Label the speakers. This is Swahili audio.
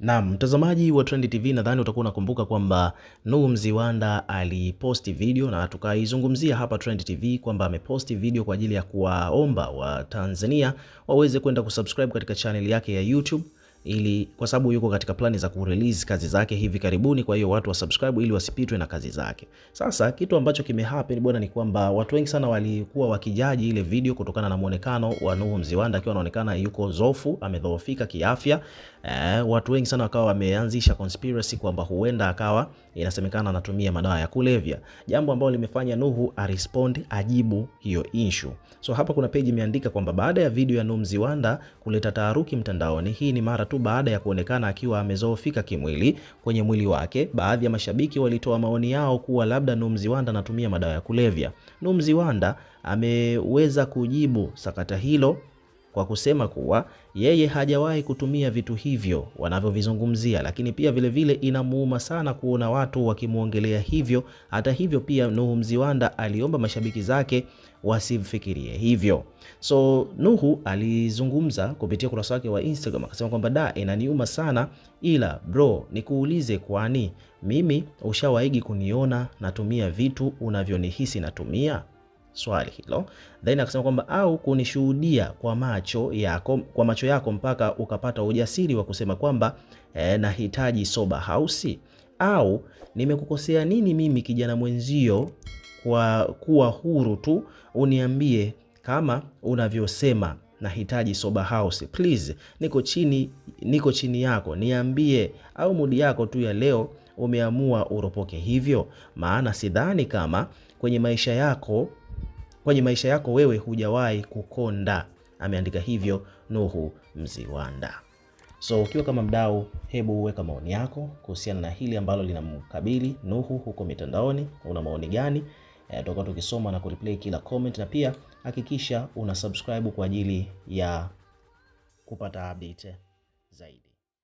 Speaker 1: Naam, mtazamaji wa Trend TV nadhani utakuwa unakumbuka kwamba Nuhu Mziwanda aliposti video na tukaizungumzia hapa Trend TV kwamba ameposti video kwa ajili ya kuwaomba Watanzania waweze kwenda kusubscribe katika chaneli yake ya YouTube ili kwa sababu yuko katika plani za kurelease kazi zake hivi karibuni, kwa hiyo watu wasubscribe ili wasipitwe na kazi zake. Sasa kitu ambacho kimehappen bwana ni kwamba watu wengi sana walikuwa wakijaji ile video kutokana na muonekano wa Nuhu Mziwanda akiwa anaonekana yuko zofu, amedhoofika kiafya. E, watu wengi sana wakawa wameanzisha conspiracy kwamba huenda akawa inasemekana anatumia madawa ya kulevya, jambo ambalo limefanya Nuhu arespond ajibu hiyo issue. So hapa kuna page imeandika kwamba baada ya video ya Nuhu Mziwanda kuleta taharuki mtandaoni, hii ni mara tu tu baada ya kuonekana akiwa amezoofika kimwili kwenye mwili wake, baadhi ya mashabiki walitoa maoni yao kuwa labda Numziwanda anatumia madawa ya kulevya. wanda ameweza kujibu sakata hilo kwa kusema kuwa yeye hajawahi kutumia vitu hivyo wanavyovizungumzia, lakini pia vilevile inamuuma sana kuona watu wakimwongelea hivyo. Hata hivyo, pia Nuhu Mziwanda aliomba mashabiki zake wasimfikirie hivyo. So Nuhu alizungumza kupitia ukurasa wake wa Instagram akasema kwamba da, inaniuma sana ila bro, nikuulize, kwani mimi ushawaigi kuniona natumia vitu unavyonihisi natumia? swali hilo, then akasema kwamba au kunishuhudia kwa macho yako, kwa macho yako mpaka ukapata ujasiri wa kusema kwamba eh, nahitaji soba hausi, au nimekukosea nini mimi kijana mwenzio kwa kuwa huru tu uniambie kama unavyosema nahitaji soba house please, niko chini, niko chini yako, niambie. Au mudi yako tu ya leo umeamua uropoke hivyo? Maana sidhani kama kwenye maisha yako kwenye maisha yako wewe hujawahi kukonda. Ameandika hivyo Nuhu Mziwanda. So ukiwa kama mdau, hebu uweka maoni yako kuhusiana na hili ambalo linamkabili Nuhu huko mitandaoni. Una maoni gani? E, tutakuwa tukisoma na kureplay kila comment, na pia hakikisha una subscribe kwa ajili ya kupata update zaidi.